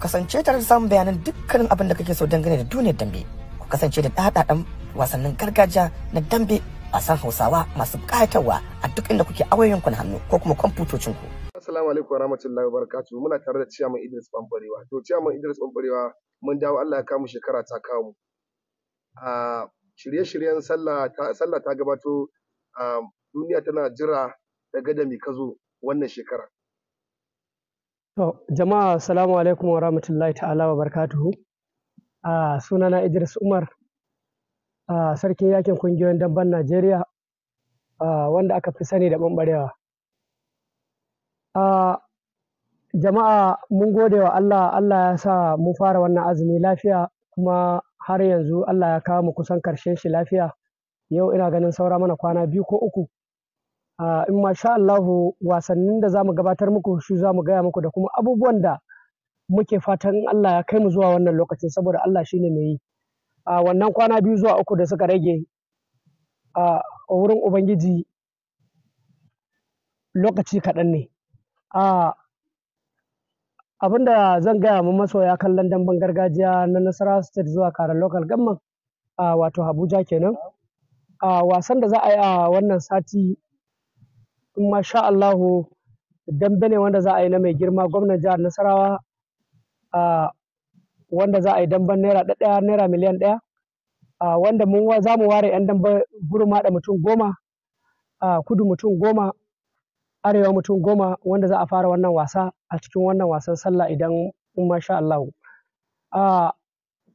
kasance tare da samun bayanan dukkanin abin da kake so dangane da duniyar dambe ku kasance da ɗaɗaɗan wasannin gargajiya na dambe a san hausawa masu ƙayatarwa a duk inda kuke awayoyinku na hannu ko kuma kwamfutocinku. Assalamu alaikum wa barkatu. muna tare da ciyaman Idris Bambarewa to ciyaman Idris Bambarewa mun dawo Allah ya kamu shekara ta kawo mu. A shirye-shiryen sallah ta gabato duniya tana jira daga da mai ka zo wannan shekara. jama'a salamu alaikum wa rahmatullahi ta'ala wa barkatuhu. A sunana Idris Umar, a sarkin yakin kungiyoyin dabban Najeriya, wanda aka fi sani da ɓanɓarewa A jama'a mun gode wa Allah, Allah ya sa mun fara wannan azumi lafiya kuma har yanzu Allah ya kawo mu kusan karshen shi lafiya. Yau ina ganin saura mana kwana biyu ko uku Ah, in masha Allahu wasannin da za mu gabatar muku shi za mu gaya muku da kuma abubuwan da muke fatan Allah ya kai mu zuwa wannan lokacin saboda Allah shine mai yi a ah, wannan kwana biyu zuwa uku da suka rage ah, a wurin ubangiji lokaci kaɗan ne a abin da zan gaya mu masoya kallon damben gargajiya na nasara state zuwa karan local gamman wato abuja kenan a wasan da za a yi a wannan sati kuma sha Allahu dambe ne wanda za a yi na mai girma gwamnan jihar Nasarawa wanda za a yi damben naira ɗaya naira miliyan ɗaya wanda mun za mu ware 'yan dambe gurin da mutum goma kudu mutum goma arewa mutum goma wanda za a fara wannan wasa a cikin wannan wasan sallah idan in masha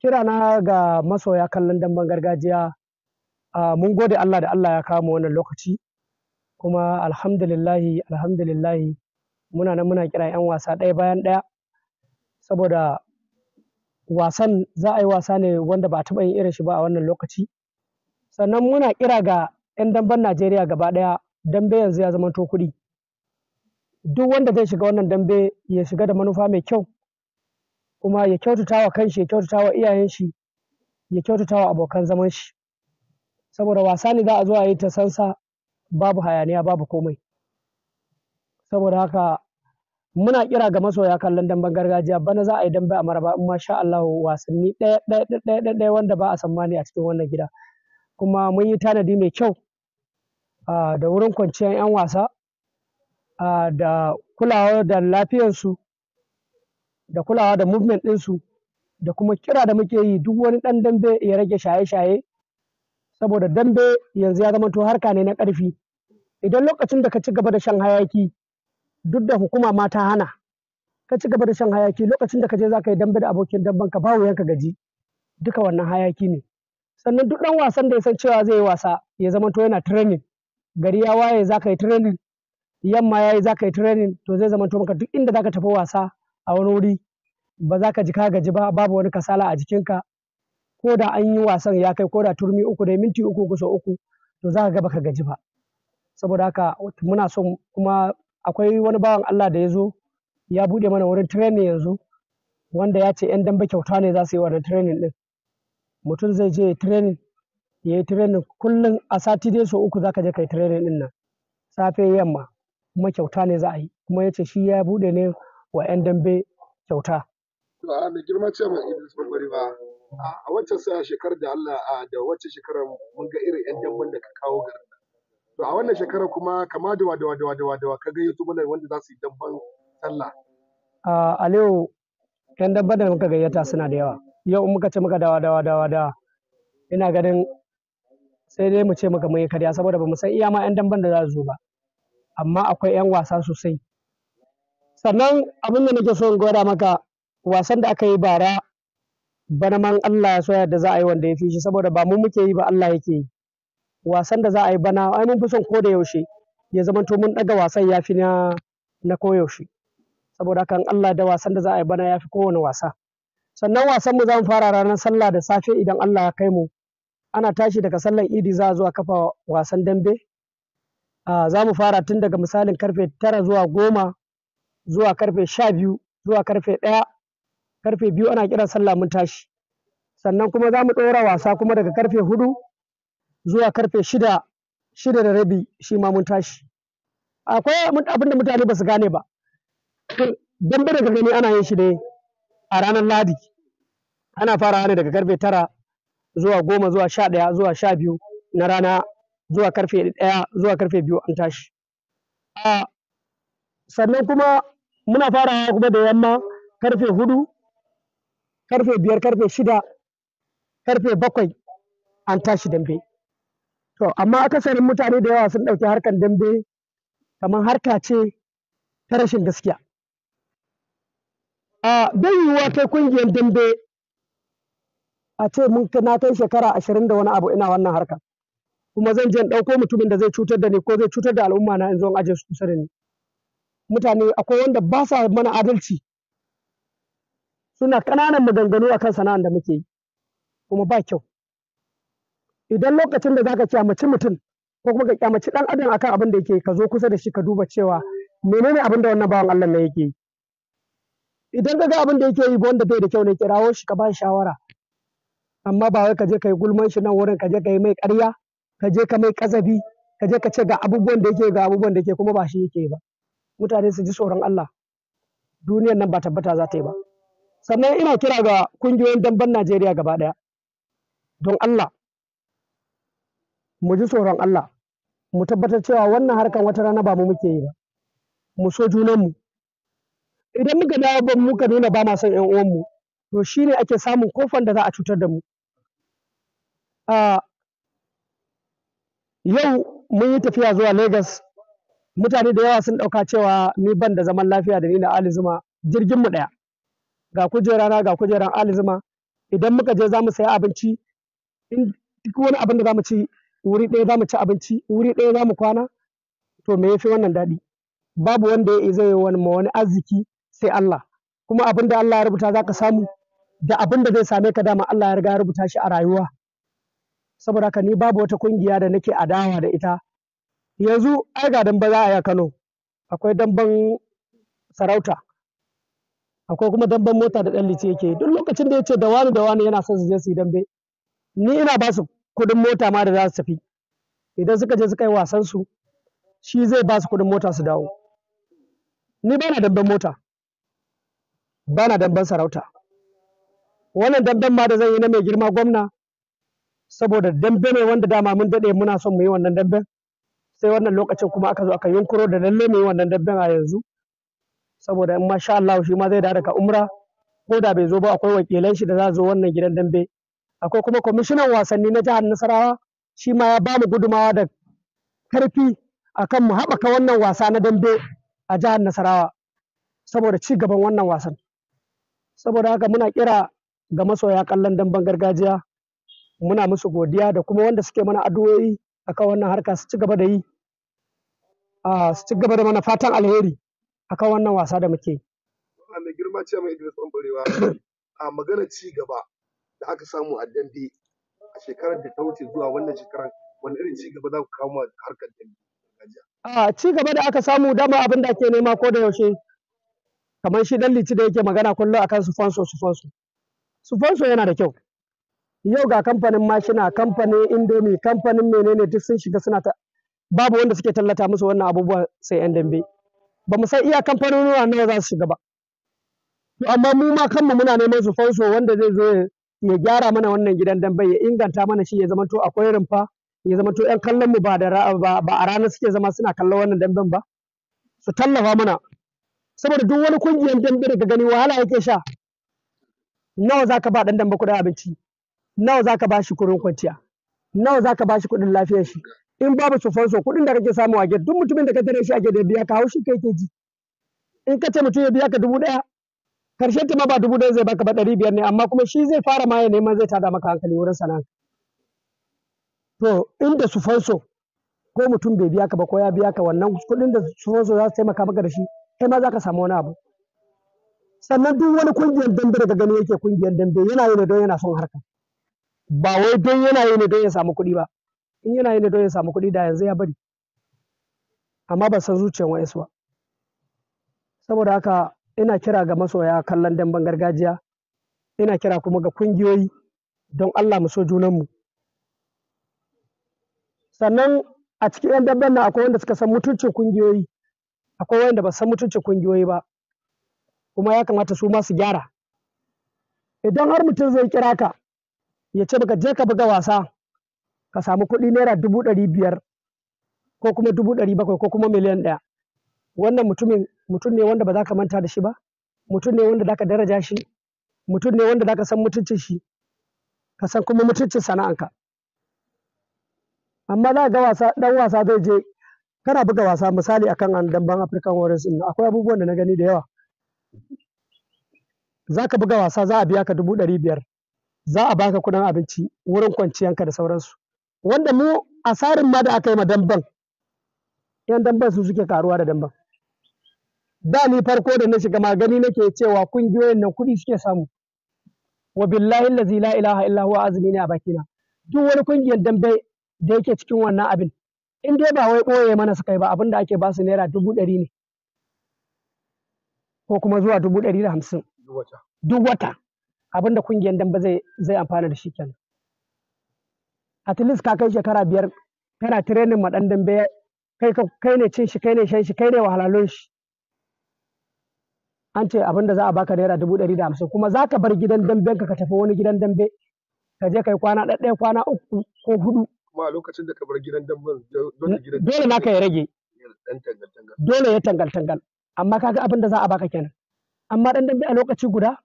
kira na ga masoya kallon damben gargajiya mun gode Allah da Allah ya kawo mu wannan lokaci kuma alhamdulillahi alhamdulillahi muna nan muna kira 'yan wasa ɗaya bayan ɗaya saboda wasan za a yi wasa ne wanda ba a taɓa yin irin shi ba a wannan lokaci sannan muna kira ga 'yan damben najeriya gaba ɗaya dambe yanzu ya zama kuɗi duk wanda zai shiga wannan dambe ya shiga da manufa mai kyau kuma ya kyautata wa kanshi ya kyautata wa iyayen shi ya kyautata wa abokan zaman shi saboda wasa ne za a zo a yi ta sansa babu hayaniya babu komai saboda haka muna kira ga masoya kallon damben gargajiya bana za a yi dambe a maraba in masha Allah wasanni ɗaya ɗaya ɗaya wanda ba a sammani a cikin wannan gida kuma mun yi tanadi mai kyau da wurin kwanciyar 'yan wasa da kulawa da lafiyarsu da kulawa da movement ɗinsu da kuma kira da muke yi duk wani ɗan dambe ya rage shaye-shaye saboda dambe yanzu ya zama to harka ne na ƙarfi idan lokacin da ka ci gaba da shan hayaki duk da hukuma ma ta hana ka ci gaba da shan hayaki lokacin da ka je za ka yi dambe da abokin damben ka bawo yanka gaji duka wannan hayaki ne sannan duk ɗan wasan da ya san cewa zai yi wasa ya zama to yana training gari ya waye za ka yi training yamma ya yi za ka yi training to zai zama to maka duk inda za ka tafi wasa a wani wuri ba za ka ji ka gaji ba babu wani kasala a jikinka ko da an yi wasan ya kai ko da turmi uku da minti uku kusa uku to za ka ga ka gaji ba saboda haka muna son kuma akwai wani bawan Allah da ya zo ya buɗe mana wurin training yanzu wanda ya ce 'yan dambe kyauta ne za su yi wannan training ɗin mutum zai je tirenin training ya yi training kullum a sati dai so uku za ka je kai training ɗin nan safe yamma kuma kyauta ne za a yi kuma ya ce shi ya buɗe ne wa 'yan dambe kyauta. mai girma ce mai Idris Bambari ba a wacce shekarar da Allah da wacce shekarar mun ga irin 'yan damben da ka kawo garin to a wannan shekarar kuma kama da wadawa da wadawa da ka gayyato mana wanda za su yi dabban sallah a yan dabba da muka gayyata suna da yawa yau in muka ce muka dawa dawa dawa dawa ina ganin sai dai mu ce muka mun yi karya saboda ba mu san iya ma yan dabban da za su zo ba amma akwai yan wasa sosai sannan abin da nake so in gwada maka wasan da aka yi bara bana man Allah ya soya da za a yi wanda ya fi shi saboda ba mu muke yi ba Allah yake yi wasan da za a yi bana ai mun fi son ko da yaushe ya to mun ɗaga wasan yafi na na ko yaushe. saboda kan Allah da wasan da za a yi bana yafi kowane wasa sannan wasan mu za mu fara ranar sallah da safe idan Allah ya kai mu ana tashi daga sallar idi za a zuwa kafa wasan dambe za mu fara tun daga misalin karfe tara zuwa goma zuwa karfe sha biyu zuwa karfe ɗaya karfe biyu ana kiran sallah mun tashi sannan kuma za mu ɗora wasa kuma daga karfe hudu zuwa karfe shida shida da rabi shi ma mun tashi akwai abin da mutane ba su gane ba dambe daga gani ana yin shi ne a ranar ladi ana fara ne daga karfe tara zuwa goma zuwa sha ɗaya zuwa sha biyu na rana zuwa karfe ɗaya zuwa karfe biyu an tashi sannan kuma muna farawa kuma da yamma karfe hudu karfe biyar karfe shida karfe bakwai an tashi dambe To, amma akasarin mutane da yawa sun ɗauki harkar dambe kamar harka ce ta rashin gaskiya. A bai yiwuwa kai kungiyar dambe a ce mun na kai shekara ashirin da wani abu ina wannan harka. Kuma zan je ɗauko mutumin da zai cutar da ni ko zai cutar da al'umma na in zo in aje su kusa da ni. Mutane akwai wanda ba sa mana adalci suna ƙananan maganganu akan sana'ar da muke yi kuma ba kyau. idan lokacin da zaka kyamaci mutum ko kuma ka kyamaci dan adam akan abin da yake ka zo kusa da shi ka duba cewa menene abin da wannan bawan Allah ne yake yi idan ka ga abin da yake yi ba wanda bai da kyau ne kirawo shi ka ba shawara amma ba wai ka je ka yi gulman shi nan wurin ka je ka yi mai ƙarya ka je ka mai kazabi ka je ka ce ga abubuwan da yake ga abubuwan da yake kuma ba shi yake ba mutane su ji tsoron Allah duniyar nan ba tabbata za ta yi ba sannan ina kira ga kungiyoyin damben Najeriya gaba ɗaya, don Allah mu ji tsoron Allah mu tabbatar cewa wannan harkan wata rana ba mu muke yi ba mu so junanmu idan muka dawo ban muka nuna ba ma son ƴan uwanmu to shine ake samun kofan da za a cutar da mu a yau mun yi tafiya zuwa Legas, mutane da yawa sun ɗauka cewa ni ban da zaman lafiya da ni da Ali Zuma jirgin mu ɗaya ga kujerana ga kujeran Ali Zuma idan muka je za mu sayi abinci in duk wani abin da za mu ci wuri ɗaya za mu ci abinci wuri ɗaya za mu kwana to me ya fi wannan daɗi babu wanda ya zai yi wani wani arziki sai Allah kuma abin da Allah ya rubuta za ka samu da abin da zai same ka dama Allah ya riga ya rubuta shi a rayuwa saboda haka ni babu wata kungiya da nake adawa da ita yanzu ai ga dan baza a Kano akwai damban sarauta akwai kuma damban mota da ɗan lice yake duk lokacin da ya ce da wani da wani yana son su je su yi dambe ni ina ba su Kudin mota ma da za su tafi idan suka je suka yi wasan su shi zai ba su kuɗin mota su dawo ni bana damben mota bana damben sarauta wannan damben ma da zan yi na mai girma gwamna saboda dambe ne wanda dama mun daɗe muna son mu yi wannan damben sai wannan lokacin kuma aka zo aka yunkuro da lalle mu yi wannan damben a yanzu saboda in masha Allah shi ma zai da daga umra ko da bai zo ba akwai wakilan shi da za zo wannan gidan dambe akwai kuma kwamishinan wasanni na jihar nasarawa shi ma ya bamu gudumawa da karfi akan mu haɓaka wannan wasa na dambe a jihar nasarawa saboda ci gaban wannan wasan saboda haka muna kira ga masoya kallon damben gargajiya muna musu godiya da kuma wanda suke mana addu'o'i akan wannan harka su ci gaba da yi su ci gaba da mana fatan alheri akan wannan wasa da muke girma ce mai a magana ci gaba da aka samu a dambe a shekarar da ta wuce zuwa wannan shekarar wani irin ci gaba za ku kawo harkar dambe a ci da aka samu dama abin da ake nema ko da yaushe kamar shi dan lici da yake magana kullum akan su fanso su fanso su fanso yana da kyau yau ga kamfanin mashina kamfanin indomi kamfanin menene duk sun shiga suna ta babu wanda suke tallata musu wannan abubuwan sai yan dambe ba mu san iya kamfanonuwa nawa za su shiga ba amma mu ma kanmu muna neman su fanso wanda zai zo ya gyara mana wannan gidan dambe ya inganta mana shi ya zamanto akwai rumfa ya zamanto yan kallon mu ba da ba a ranar suke zama suna kallon wannan damben ba su tallafa mana saboda duk wani kungiyar dambe daga gani wahala yake sha nawa zaka ba dan dambe kuɗin abinci nawa zaka ba shi kurin kwanciya nawa zaka ba shi kuɗin lafiyar shi in babu sufanso kuɗin da kake samu a gida duk mutumin da ka tare shi a gida biya ka haushi kai ke ji in ka ce mutum ya biya ka dubu ɗaya karshen ta ba dubu ɗaya zai baka ba ɗari biyar ne amma kuma shi zai fara ma ya neman zai tada maka hankali wurin sana'a to inda su fanso ko mutum bai biya ka ba ko ya biya ka wannan kuɗin da su fanso za su taimaka maka da shi kai ma za ka samu wani abu sannan duk wani kungiyar dambe daga gani yake kungiyar dambe yana yi ne don yana son harka ba wai don yana yi ne don ya samu kuɗi ba in yana yi ne don ya samu kuɗi da yanzu ya bari amma ba san zuciyar wa'insu ba saboda haka ina kira ga masoya kallon damben gargajiya ina kira kuma ga kungiyoyi don Allah mu so junanmu sannan a cikin 'yan damben nan akwai wanda suka san mutuncin kungiyoyi akwai wanda ba san mutuncin kungiyoyi ba kuma ya kamata su ma su gyara idan har mutum zai kira ka ya ce baka je ka buga wasa ka samu kuɗi naira dubu ɗari biyar ko kuma dubu ɗari bakwai ko kuma miliyan ɗaya wannan mutumin mutum ne wanda ba za ka manta da shi ba mutum ne wanda za ka daraja shi mutum ne wanda za ka san mutuncin shi ka san kuma mutuncin sana'anka amma za ga wasa dan wasa zai je kana buga wasa misali akan an damban African Warriors din akwai abubuwan da na gani da yawa za ka buga wasa za a biya ka dubu ɗari biyar za a baka kuɗin abinci wurin kwanciyanka da sauransu wanda mu asarin ma da aka yi ma damban yan damban su suke karuwa da damban da ni farko da na shiga magani nake cewa kungiyoyin nan kuɗi suke samu wa billahi allazi la ilaha illa huwa azumi ne a bakina duk wani kungiyar dambe da yake cikin wannan abin in dai ba wai ɓoye mana su kai ba abin da ake basu naira dubu ɗari ne ko kuma zuwa dubu ɗari da hamsin duk wata abin da kungiyar dambe zai zai amfana da shi kenan at least ka kai shekara biyar kana tirenin ma ɗan dambe kai ne cin shi kai ne shan shi kai ne wahalalun shi an ce abinda za a baka naira dubu ɗari da hamsin kuma za ka bar gidan damben ka ka tafi wani gidan dambe ka je kai kwana ɗaya kwana uku ko hudu. Kuma a lokacin da ka bar gidan dambe dole gidan dole ya rage. Dole ya tangal tangal amma kaga abin da za a baka kenan. Amma ɗan dambe a lokaci guda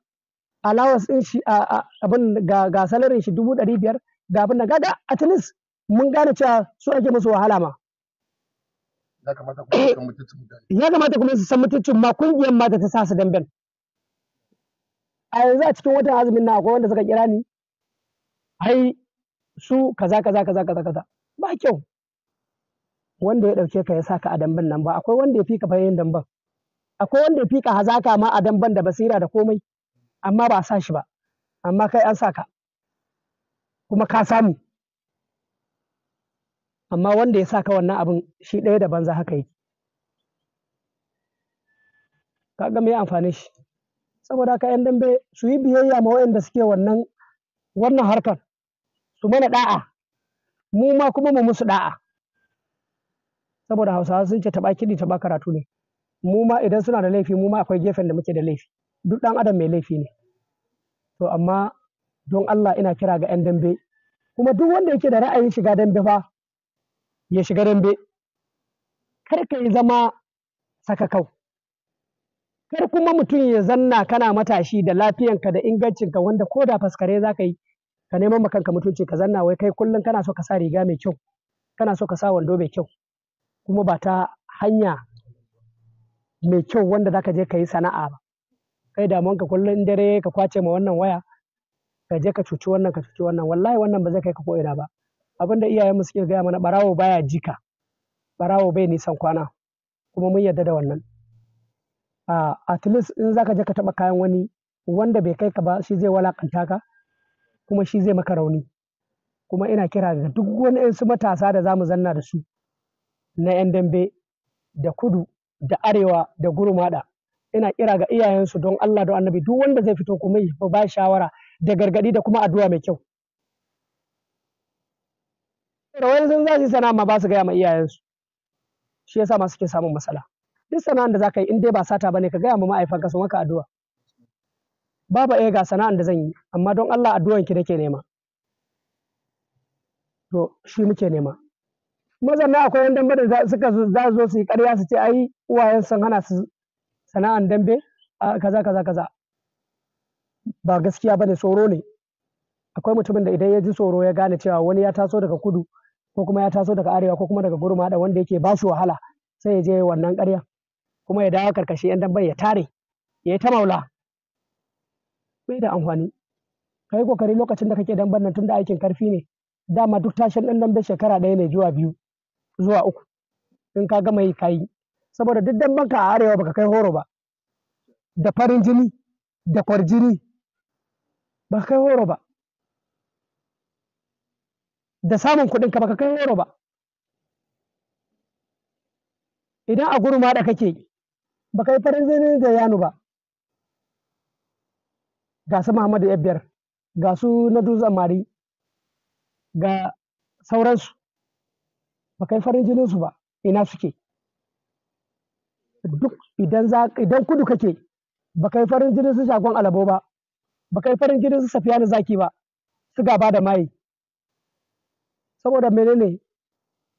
allowance ɗin shi a abin ga ga salarin shi dubu ɗari biyar ga abin da gaga at least mun gane cewa su ake musu wahala ma. ya kamata kuma su san mutuncin mutane ya kamata kuma su ma kungiyar mata ta sa su damben a yanzu a cikin watan azumin na akwai wanda suka kira ni ai su kaza kaza kaza kaza kaza ba kyau wanda ya dauke ka ya saka a damben nan ba akwai wanda ya fika bayan damben akwai wanda ya fika hazaka ma a damben da basira da komai amma ba a sa shi ba amma kai an saka kuma ka samu amma wanda ya saka wannan abin shi ɗaya da banza haka yake kaga mai amfani shi saboda haka yan dambe su yi biyayya ma da suke wannan wannan harkar su mana da'a mu ma kuma mu musu da'a saboda hausawa sun ce taɓa kiɗi taɓa karatu ne mu ma idan suna da laifi mu ma akwai gefen da muke da laifi duk ɗan adam mai laifi ne to amma don Allah ina kira ga 'yan dambe kuma duk wanda yake da ra'ayin shiga dambe fa ya shiga dambe kar ka yi zama kau, kar kuma mutum ya zanna kana matashi da lafiyanka da ingancinka wanda ko da faskare za ka yi ka neman makanka mutunci ka zanna wai kai kullum kana so ka sa riga mai kyau kana so ka sa wando mai kyau kuma ba ta hanya mai kyau wanda za ka je ka yi sana'a ba kai damuwanka kullum dare ka kwace ma wannan waya ka je ka cuci wannan ka cuci wannan wallahi wannan ba zai kai ka koina ba abin da iyayen iyayenmu suke gaya mana barawo baya jika barawo bai nisan kwana kuma mun yarda da wannan a at least in zaka je ka taba kayan wani wanda bai kai ka ba shi zai walakanta ka kuma shi zai maka rauni kuma ina kira ga duk wani su matasa da zamu zanna da su na yan dambe da kudu da arewa da gurmada ina kira ga iyayensu don Allah don annabi duk wanda zai fito kuma ba shawara da gargadi da kuma addu'a mai kyau rawayan sun za su sana'a ma ba su gaya ma iyayensu shi yasa ma suke samun matsala duk sana'an da za ka yi in dai ba sata bane ka gaya ma ma'aifanka su maka addu'a babu ɗaya eh, ga sana'an da zan yi amma don Allah addu'an ki nake nema to shi muke nema mazan akwai yan dambe da suka za zo su yi ƙarya su ce ai uwayen sun hana su sana'an dambe kaza kaza kaza ba gaskiya bane tsoro ne akwai mutumin da idan ya ji tsoro ya gane cewa wani ya taso daga kudu ko kuma ya taso daga arewa ko kuma daga gurma da wanda yake ba shi wahala sai ya je wannan ƙarya kuma ya dawo karkashi yan dambe ya tare ya yi ta maula bai da amfani ka yi kokari lokacin da kake damben nan tunda aikin karfi ne dama duk tashin ɗan dambe shekara ɗaya ne zuwa biyu zuwa uku in ka gama yi kayi saboda duk damben ka a arewa baka kai horo ba da farin jini da kwarjini ba kai horo ba da samun kuɗin ka baka kai euro ba idan a gurma da kake baka yi farin zini da yanu ba ga su Muhammadu Ebiyar, ga su na dutsen mari ga sauransu ba kai farin jininsu ba ina suke duk idan za idan kudu kake ba kai farin jininsu shagon alabo ba baka kai farin jininsu safiya na zaki ba su gaba da mai saboda menene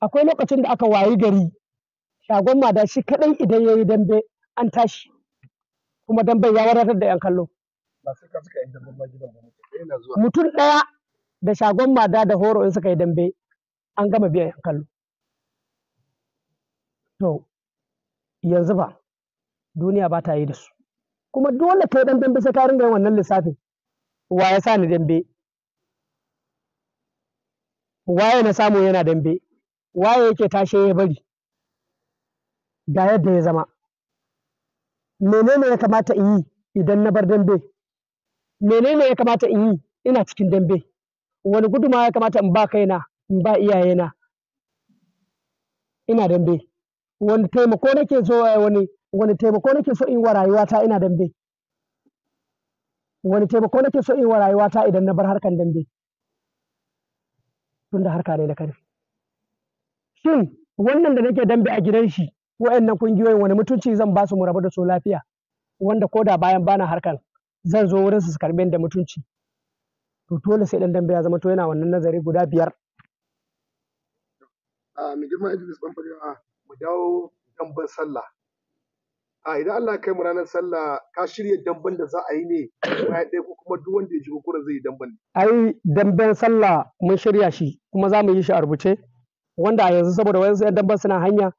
akwai lokacin da aka wayi gari shagon mada shi kaɗai idan ya yi dambe an tashi kuma dambe ya wadatar da 'yan kallo mutum ɗaya da shagon mada da horo in suka yi dambe an gama biyan 'yan kallo to yanzu ba duniya ba ta yi da su kuma dole ta yi dambe sai ka ringa yin wannan lissafin wa ya sa ni dambe waye na samu yana dambe waye yake tashe ya bari ga yadda ya zama menene ya kamata in yi idan na bar dambe menene ya kamata in yi ina cikin dambe wani guduma ya kamata in ba kaina in ba iyayena ina dambe wani taimako nake so eh, wani wani taimako nake so in wa rayuwata ina dambe wani taimako nake so in wa rayuwata idan na bar harkan dambe tunda harka ne na karfi shin wannan da nake dambe a gidan shi wa'annan kungiyoyin wani mutunci zan ba su mu rabu da su lafiya wanda ko da bayan bana harkan zan zo wurin su su karbe da mutunci to dole sai dan dambe ya zama to yana wannan nazari guda biyar a ah, mu girma ah, mu dawo damben sallah a idan Allah kai mu ranar sallah ka shirya damben da za a yi ne bayan ɗaya ko kuma duk wanda ya shigo kura zai yi damben ai damben sallah mun shirya shi kuma za mu yi shi a rubuce wanda a yanzu saboda wayansu ɗan damben suna hanya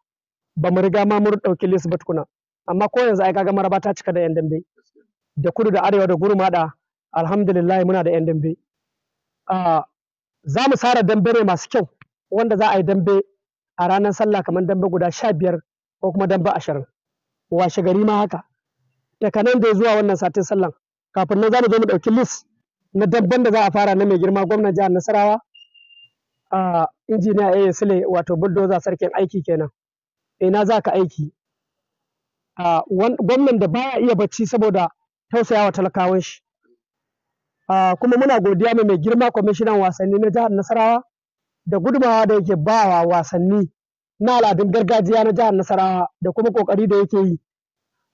ba mu riga ma mun ɗauki list ba tukuna amma ko yanzu ai kaga maraba ta cika da yan dambe da kudu da arewa da gurma da alhamdulillah muna da yan dambe za mu sara dambe ne masu kyau wanda za a yi dambe a ranar sallah kamar dambe guda sha biyar ko kuma dambe ashirin washe gari ma haka daga nan da zuwa wannan satin sallan kafin nan za mu zo mu ɗauki list na dabban da za a fara na mai girma gwamnan jihar nasarawa a injiniya a sule wato bulldozer sarkin aiki kenan ina za ka aiki a gwamnan da baya iya bacci saboda tausayawa talakawan shi kuma muna godiya mai mai girma kwamishinan wasanni na jihar nasarawa da gudumawa da yake bawa wasanni na al'adun gargajiya na jihar nasara da kuma kokari da yake yi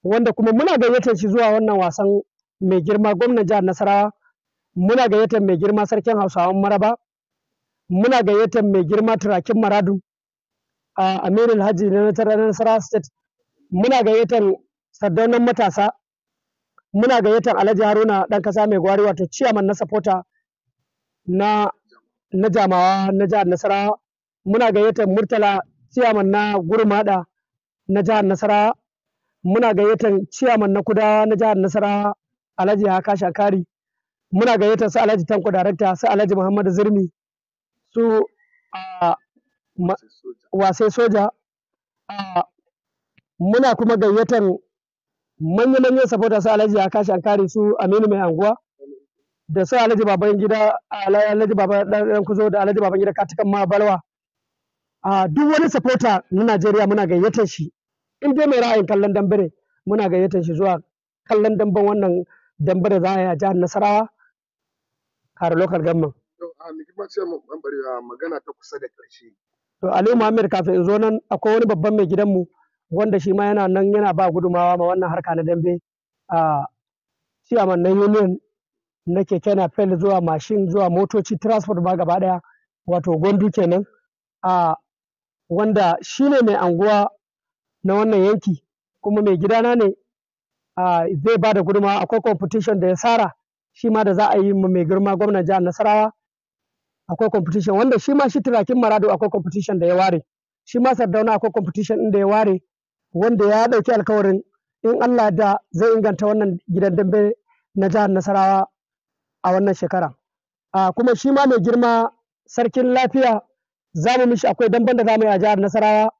wanda kuma muna gayyatar shi zuwa wannan wasan mai girma gwamnan jihar Nasarawa muna gayyatar mai girma sarkin Hausawan Maraba muna gayyatar mai girma turakin Maradu a Aminu Alhaji na Nasarawa State muna gayyatar sardaunan matasa muna gayyatar Alhaji Haruna ɗan kasa mai gwari wato ciyaman na sapota na na jamawa na jihar Nasarawa muna gayyatar Murtala ciyaman na gurmada na jihar nasara, muna gayyatar ciyaman na kuda na jihar nasara, alhaji haka shakari muna gayyatar su alhaji tanko darakta su alhaji muhammadu zirmi su wasai soja muna kuma gayyatar manya-manyan sabota su alhaji haka shakari su aminu mai anguwa da su alhaji baban gida alhaji baban dan kuzo da alhaji baban gida katikan ma balwa a duk wani supporter na Najeriya muna gayyatar shi in dai mai ra'ayin kallon dambare muna gayyatar shi zuwa kallon damben wannan dambare za a yi a jihar Nasarawa kare local government. To Aliyu Muhammad kafin in zo nan akwai wani babban mai gidanmu wanda shi ma yana nan yana ba gudumawa ma wannan harka na dambe a a na union na keke na fel zuwa mashin zuwa motoci transport ma gaba daya wato gondu kenan a wanda shi ne mai anguwa na wannan yanki kuma mai gidana ne zai ba da guduma akwai competition da ya sara shi ma da za a yi ma mai girma gwamnan jihar nasarawa akwai competition wanda shi ma shi turakin marado akwai competition da ya ware shi ma sardauna akwai competition ɗin da ya ware wanda ya ɗauki alkawarin in allah da zai inganta wannan gidan dambe na jihar nasarawa a wannan shekara kuma shi ma mai girma sarkin lafiya za mu mishi akwai damban da za mu yi a jihar Nasarawa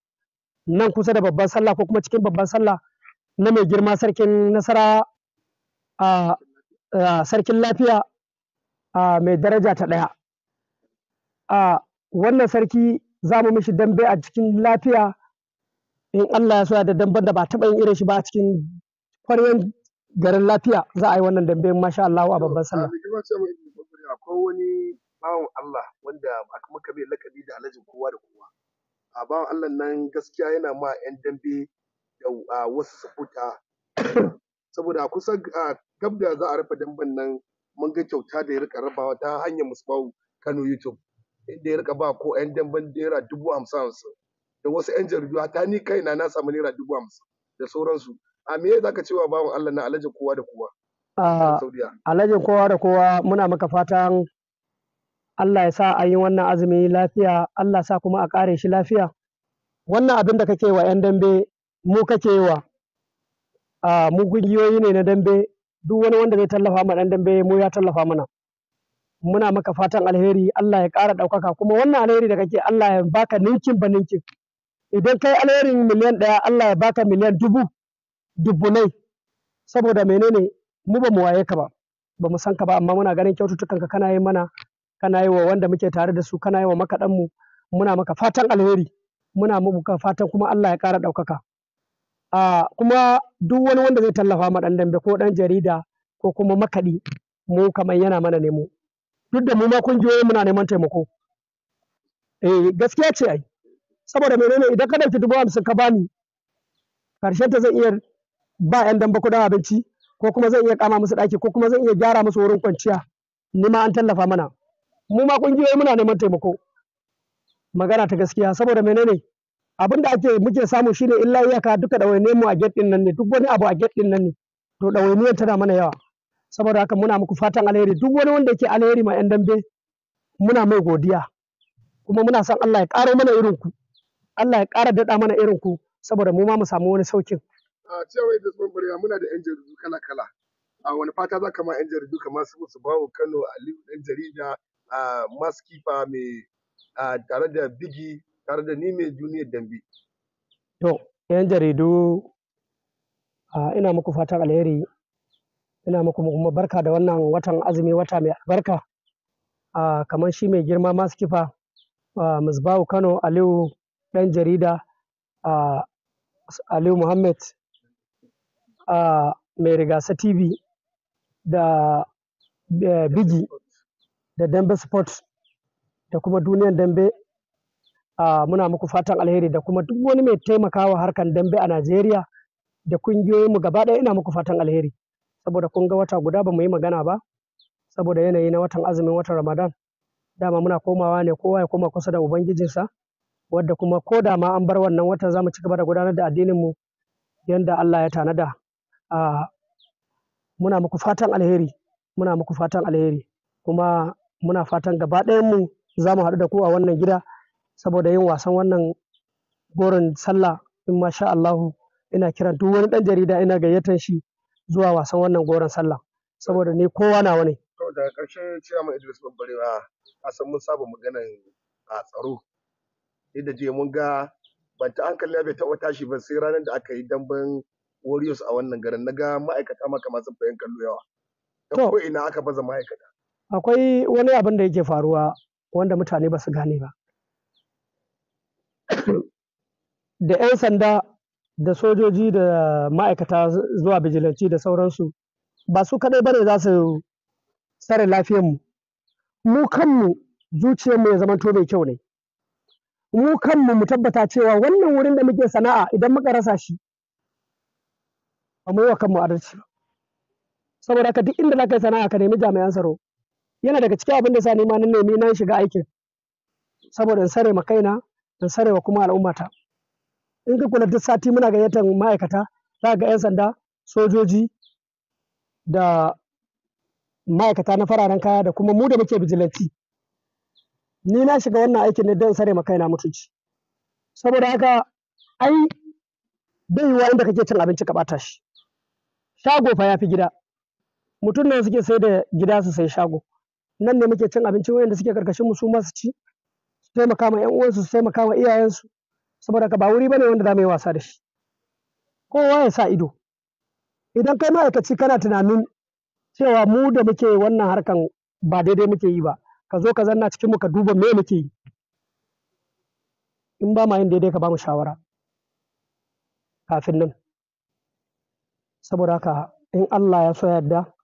nan kusa da babban sallah ko kuma cikin babban sallah na mai girma sarkin Nasarawa a sarkin lafiya a mai daraja ta ɗaya. A wannan sarki za mu mishi dambe a cikin lafiya in Allah ya so da damban da ba taɓa yin irin shi ba a cikin kwaryan garin lafiya za a yi wannan dambe masha Allah a babban sallah. bawan Allah wanda aka muka mai lakabi da alhajin kowa da kowa a bawan Allah nan gaskiya yana ma yan dambe da wasu sufuta saboda kusan gab da za a rufe damben nan mun ga kyauta da ya rika rabawa ta hanyar musbahu Kano YouTube inda ya rika ba ko yan damben naira dubu hamsin hamsin da wasu yan jaridu ta ni kaina na samu naira dubu hamsin da sauransu a me za ka cewa bawan Allah na alhajin kowa da kowa Alhajin kowa da kowa muna maka fatan Allah ya sa a yi wannan azumi lafiya Allah sa kuma a ƙare shi lafiya wannan abin da kake wa 'yan dambe mu kake wa a mu kungiyoyi ne na dambe duk wani wanda zai tallafa ma ɗan dambe mu ya tallafa mana muna maka fatan alheri Allah ya ƙara ɗaukaka kuma wannan alheri da kake Allah ya baka ninkin ba ninkin idan kai alherin miliyan ɗaya Allah ya baka miliyan dubu dubbunai saboda menene mu ba mu waye ka ba ba mu san ka ba amma muna ganin kyaututtukan ka kana yi mana kana yi wa wanda muke tare da su kana yi wa makaɗanmu muna maka fatan alheri muna muka fatan kuma Allah ya ƙara ɗaukaka a kuma duk wani wanda zai tallafa ma ɗan dambe ko ɗan jarida ko kuma makaɗi mu kamar yana mana nemo duk da mu ma kungiyoyi muna neman taimako eh gaskiya ce ai saboda menene idan ka ɗauki dubu hamsin ka bani karshen ta zan iya ba 'yan dambe kuɗin abinci ko kuma zan iya kama musu ɗaki ko kuma zan iya gyara musu wurin kwanciya ni ma an tallafa mana mu ma kungiyoyi muna neman taimako magana ta gaskiya saboda menene abin da ake muke samu shine illa iyaka duka ɗawainiyar mu a gate din nan ne duk wani abu a gate din nan ne to ɗawainiyar tana mana yawa saboda haka muna muku fatan alheri duk wani wanda yake alheri ma 'yan dambe muna mai godiya kuma muna son Allah ya ƙara mana irin ku Allah ya ƙara daɗa mana irin ku saboda mu ma mu samu wani saukin a cewa Idris Bambariya muna da 'yan jaridu kala-kala a wani fata za ka ma 'yan jaridu kamar su su Kano Aliyu dan jarida maskifa mai tare da bigi tare da ni mai duniya dambi. to yan jaridu ina muku fatan alheri ina muku kuma barka da wannan watan azumi wata mai albarka kamar shi mai girma maskifa musbahu kano aliyu ɗan jarida aliyu muhammad mai rigasa tv da bigi da dambe sports da kuma duniyar dambe muna muku fatan alheri da kuma duk wani mai taimakawa harkan dambe a najeriya da mu gaba ɗaya ina muku fatan alheri saboda kun ga wata guda ba mu yi magana ba saboda yanayi na watan azumin watan ramadan dama muna komawa ne kowa ya koma kusa da ubangijinsa wadda kuma ko da ma an bar wannan watan za mu ci gaba da gudanar da addininmu yadda allah ya tanada muna muku fatan alheri muna muku fatan alheri kuma muna fatan gaba mu za mu haɗu da ku a wannan gida saboda yin wasan wannan goron sallah in masha Allahu ina kiran duk wani ɗan jarida ina gayyatar shi zuwa wasan wannan goron sallah saboda ni kowa na wani. daga ƙarshe ciyaman Idris ba a san mun saba magana a tsaro yadda je mun ga ban ta hankali bai taɓa tashi ba sai ranar da aka yi damben Warriors a wannan garin na ga ma'aikata maka masu bayan kallo yawa. ko ina aka baza ma'aikata. akwai wani abin da yake faruwa wanda mutane ba su gane ba da 'yan sanda da sojoji da ma'aikata zuwa bijilanci da sauransu ba su kaɗai bane za su tsare lafiyarmu mu kanmu zuciyarmu ya zamanto mai kyau ne mu kanmu mu tabbata cewa wannan wurin da muke sana'a idan muka rasa shi ba mu yi wa kanmu adalci ba saboda ka duk inda za ka yi sana'a ka nemi jami'an tsaro yana daga cikin abin da sa nima na nemi na shiga aikin saboda in sare ma kaina in sare wa kuma al'ummata in ka kula duk sati muna gayyatar ma'aikata za ga 'yan sanda sojoji da ma'aikata na fararen kaya da kuma mu da muke bijilanti ni na shiga wannan aikin ne don sare ma kaina mutunci saboda haka ai bai wa inda kake cin abinci ka bata shi shago fa ya fi gida mutum nan suke sai da gida su sai shago nan ne muke cin abinci wayanda suke karkashin mu su ma su ci su taimaka ma yan uwansu su taimaka ma iyayensu saboda ka ba wuri bane wanda za mu yi wasa da shi kowa ya sa ido idan kai ma'aikaci kana tunanin cewa mu da muke wannan harkan ba daidai muke yi ba ka zo ka zanna cikin mu ka duba me muke yi in ba ma yin daidai ka ba mu shawara kafin nan saboda haka in Allah ya so yadda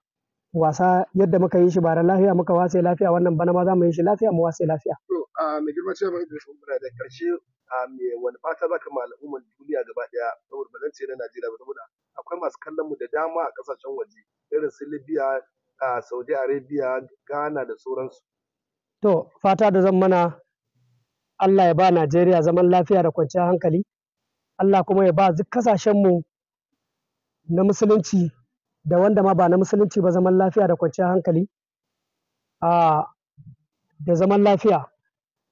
wasa yadda muka yi shi bara lafiya muka wase lafiya wannan bana ma za mu yi shi lafiya mu wase lafiya. To a mai girma ce mai Idris da karshe a me wani fata zaka ma al'ummar duniya gaba daya saboda ba ce na Najeriya ba saboda akwai masu kallon mu da dama a kasashen waje irin su Libya a Saudi Arabia Ghana da sauransu. To fata da zan mana Allah ya ba Najeriya zaman lafiya da kwanciyar hankali. Allah kuma ya ba duk ƙasashenmu na musulunci da wanda ma ba na musulunci ba zaman lafiya da kwanciyar hankali da zaman lafiya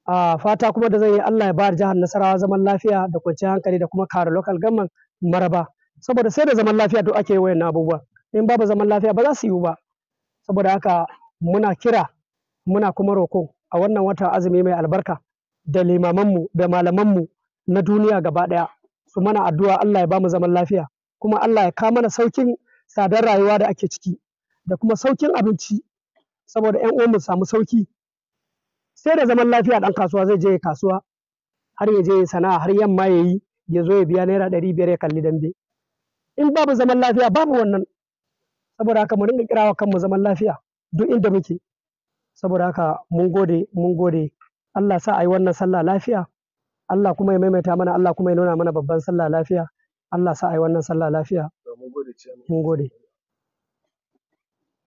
a fata kuma da zan yi Allah ya bayar jihar Nasarawa zaman lafiya da kwanciyar hankali da kuma kare local gamman maraba saboda sai da zaman lafiya duk ake wayan abubuwa in babu zaman lafiya ba za su yiwu ba saboda haka muna kira muna kuma roko a wannan wata azumi mai albarka da limamanmu da malaman mu na duniya gaba daya su mana addu'a Allah ya bamu zaman lafiya kuma Allah ya ka mana saukin tsadar rayuwa da ake ciki da kuma saukin abinci saboda 'yan uwan mu samu sauki sai da zaman lafiya ɗan kasuwa zai je kasuwa har ya je sana'a har yamma ya yi ya zo ya biya naira ɗari biyar ya kalli dambe in babu zaman lafiya babu wannan saboda haka mu rinka kirawa kanmu zaman lafiya duk inda muke saboda haka mun gode mun gode Allah sa ayi wannan sallah lafiya Allah kuma ya maimaita mana Allah kuma ya nuna mana babban sallah lafiya Allah sa ayi wannan sallah lafiya Mun gode.